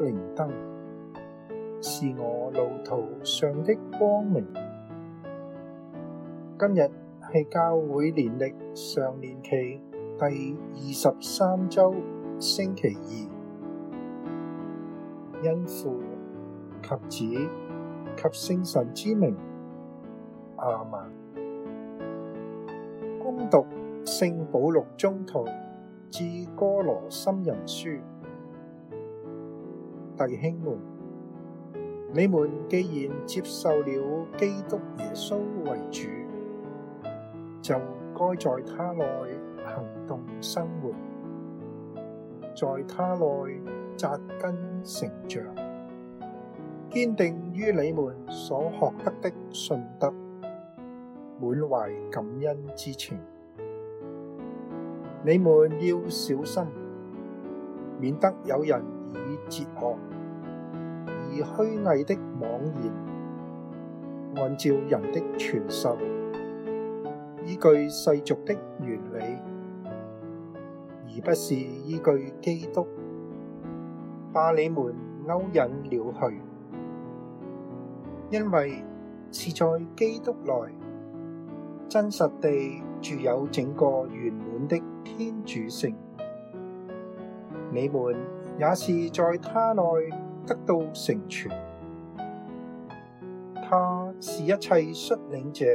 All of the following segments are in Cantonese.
靈燈是我路途上的光明。今日係教會年曆常年期第二十三周星期二。因父及子及聖神之名阿們。恭讀聖保祿宗徒致哥羅森人書。弟兄們，你們既然接受了基督耶穌為主，就該在他內行動生活，在他內扎根成長，堅定於你們所學得的信德，滿懷感恩之情。你們要小心，免得有人，以哲學、以虛偽的妄言、按照人的傳授、依據世俗的原理，而不是依據基督，把你們勾引了去。因為是在基督內真實地住有整個圓滿的天主性，你們。也是在他內得到成全，他是一切率領者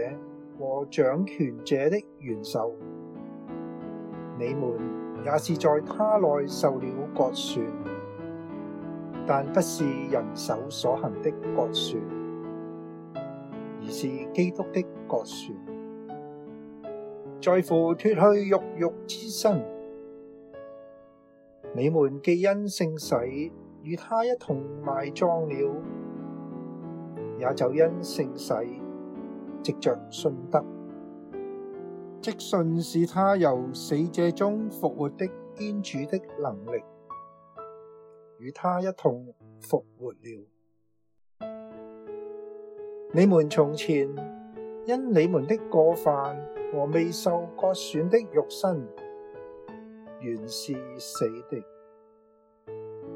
和掌權者的元首，你們也是在他內受了割損，但不是人手所行的割損，而是基督的割損，在乎脫去肉慾之身。你們既因聖洗與他一同埋葬了，也就因聖洗，藉著信德，即信使他由死者中復活的天主的能力，與他一同復活了。你們從前因你們的過犯和未受割損的肉身，原是死的，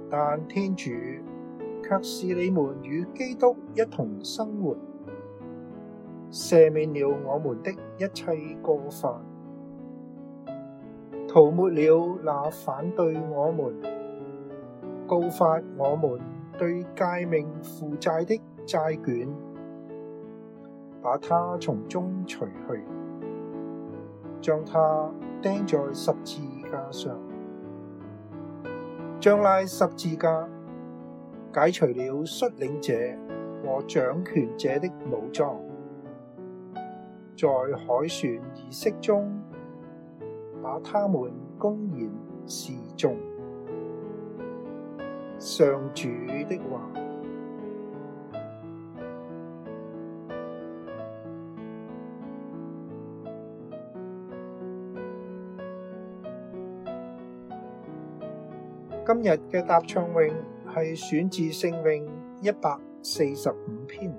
但天主卻使你們與基督一同生活，赦免了我們的一切過犯，塗抹了那反對我們、告發我們、對誡命負債的債券，把它從中除去。將他釘在十字架上，仗賴十字架，解除了率領者和掌權者的武裝，在凱旋儀式中，把他們公然示眾。上主的話。今日嘅答唱詠係選自聖詠一百四十五篇。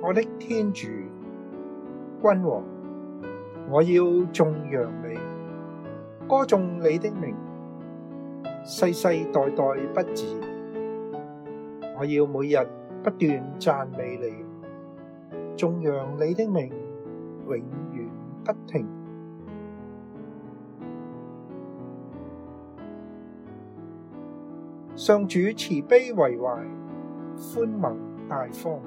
我的天主，君王，我要頌揚你，歌頌你的名，世世代代不止。我要每日不斷讚美你，頌揚你的名，永遠不停。上主慈悲為懷，寬宏大方。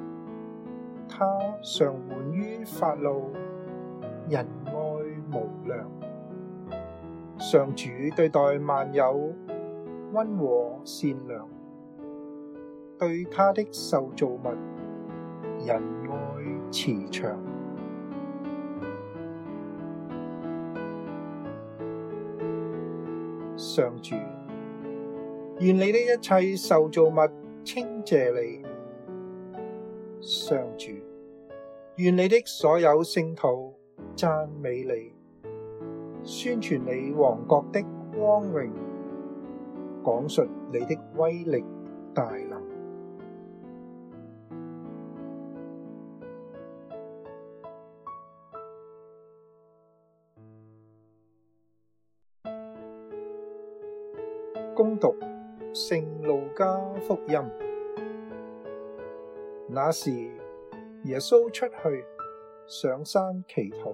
他常緩於發怒，仁愛無量。上主對待萬有，温和善良，對他的受造物，仁愛慈祥。上主。願你的一切受造物稱謝你，上主，願你的所有聖徒讚美你，宣傳你王國的光榮，講述你的威力大能。恭讀。聖路加福音，那時耶穌出去，上山祈禱，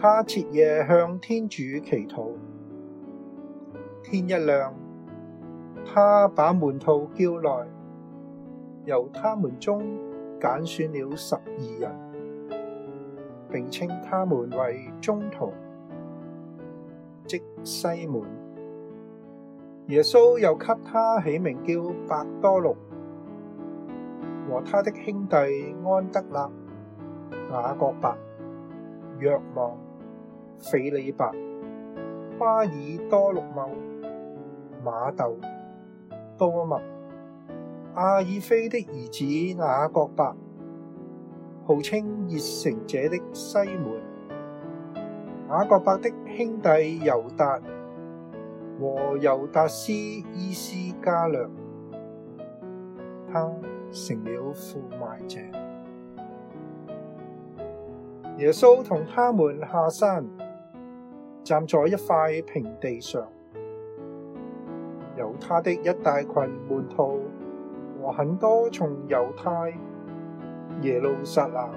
他徹夜向天主祈禱，天一亮，他把門徒叫來，由他們中揀選了十二人，並稱他們為宗徒，即西滿。耶穌又給他起名叫伯多祿，和他的兄弟安德肋、雅各伯、若望、斐理伯、巴爾多祿茂、瑪竇、多默、阿耳斐的兒子雅各伯，號稱熱誠者的西滿，雅各伯的兄弟猶達。和猶達斯伊斯加略，他成了負賣者。耶穌同他們下山，站在一塊平地上，有他的一大群門徒和很多從猶太、耶路撒冷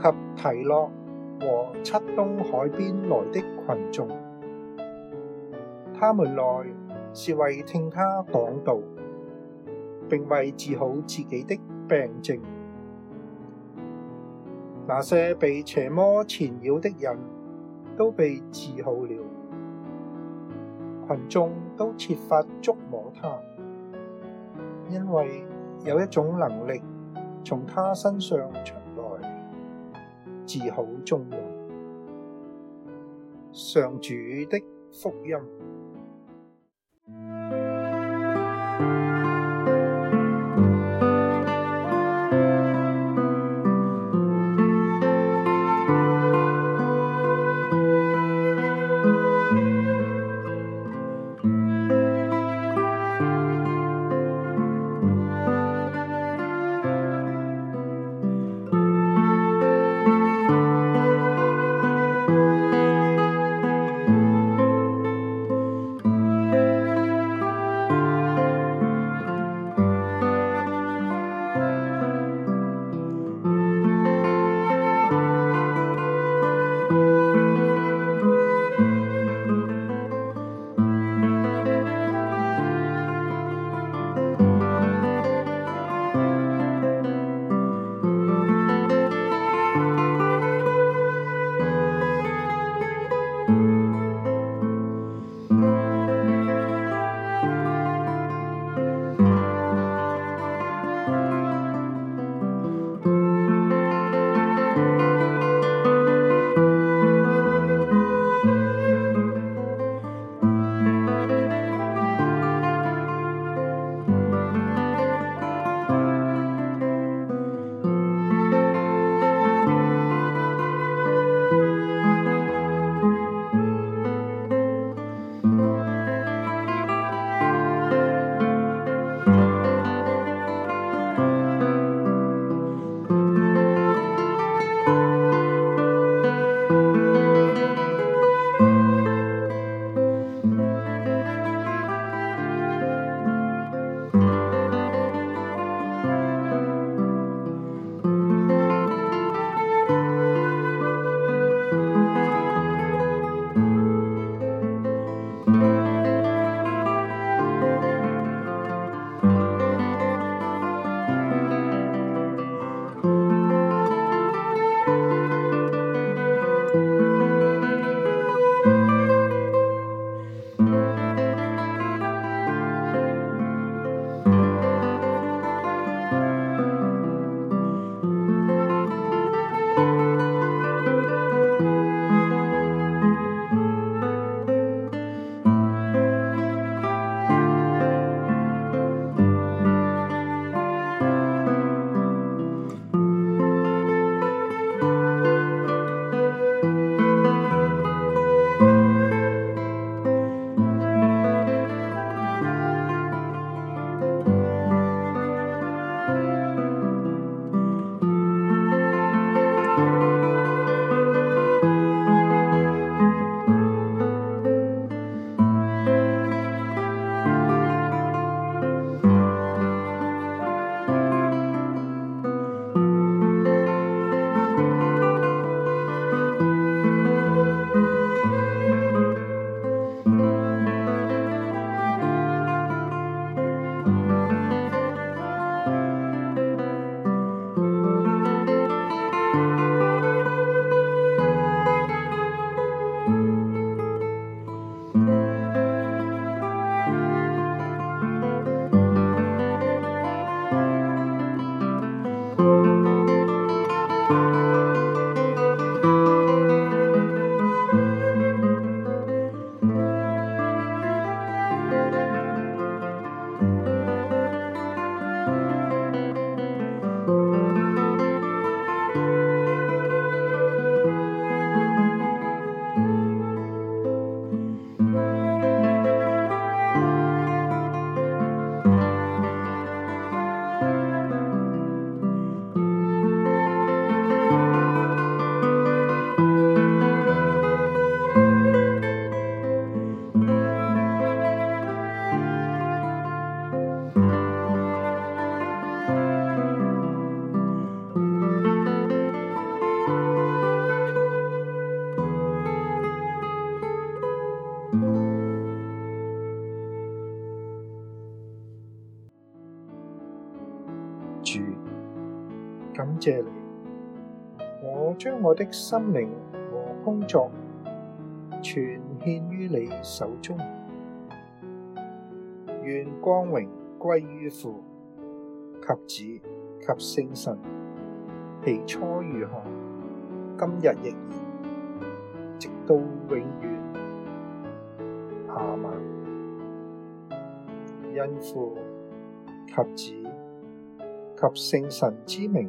及提洛和漆冬海邊來的群眾。他們來是為聽他講道，並為治好自己的病症。那些被邪魔纏繞的人都被治好了，群眾都設法觸摸他，因為有一種能力從他身上出來，治好眾人。上主的福音。謝你，我將我的生命和工作全獻於你手中，願光榮歸於父及子及聖神，起初如何，今日亦然，直到永遠。阿們。因父及子及聖神之名。